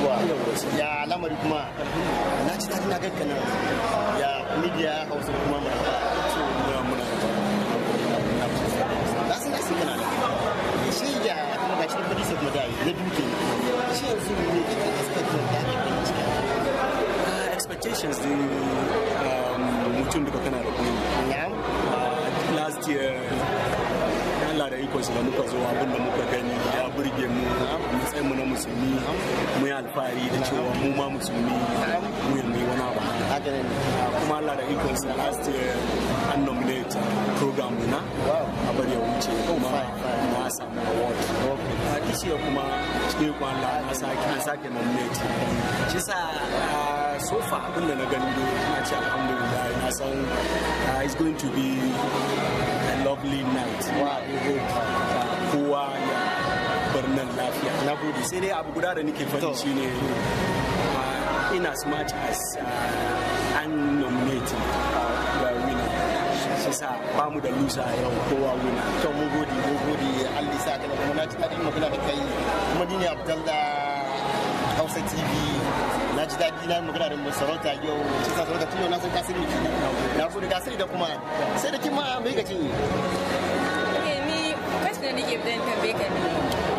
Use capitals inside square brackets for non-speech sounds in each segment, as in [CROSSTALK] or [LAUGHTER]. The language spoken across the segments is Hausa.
zuwa ya lamari kuma na ci tafi na ganka ya hausa kuma muna so muna muna na san kana da shi ya kuma da kudi da na shi yanzu ne expectation da ciki ah, expectations din um, mutum duka kana da ah, last year Allah da ikonsa da muka zo abin da muka gani ya burge mu mu na musulmi mu da cewa mu ma musulmi mu mai wani abu kuma Allah da last year an nominate program na a bari ya wuce kuma na samu award a kuma na sake na sake nominate shi sa abin da na gani ce alhamdulillah na san going to be gode sai dai abu guda da nake faɗi shine in as much as uh, an nominated uh, sa ba mu da lusa yau kowa winner to mu gode mu gode Allah sa ka kuma na ji daɗin magana da kai kuma ni ne Abdalla Hausa TV na ji daɗi na magana da mai sarauta yau shi sa sarauta yau na san kasiri na gode kasiri da kuma sai da kima mai gajin eh, ni question da nake dan tambaye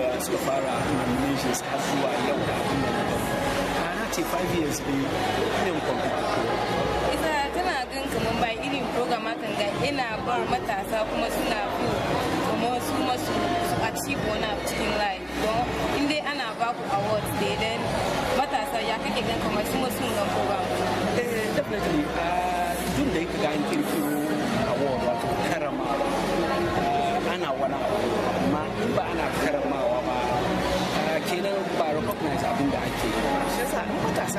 da suka fara nominations har zuwa yau da abin da na ka na ce 5 years ne kwamfuta ita tana gan kamar ba irin program bar matasa kuma suna kuma su masu achieve wani abu cikin life don in dai ana baku awards dai then matasa ya kake gan kamar su masu eh, ah, da yake kirki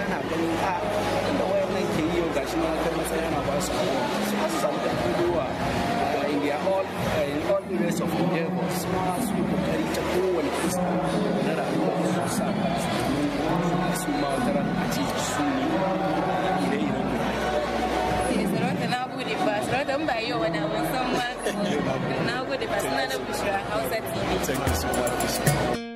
ana ganin a inda wayan nan ke yi yau shi na kan matsayi ana ba su kuma su ba su samu ƙarfin gwiwa in their all eh, in all areas of endeavors ma su yi kokari ta kowane kusa na rayuwa su sa ba su su ma wata ran a ce su ne ire-iren guda. na gode ba sarauta ba yau wani mun san ma [LAUGHS] na gode ba suna na bushira hausa tv.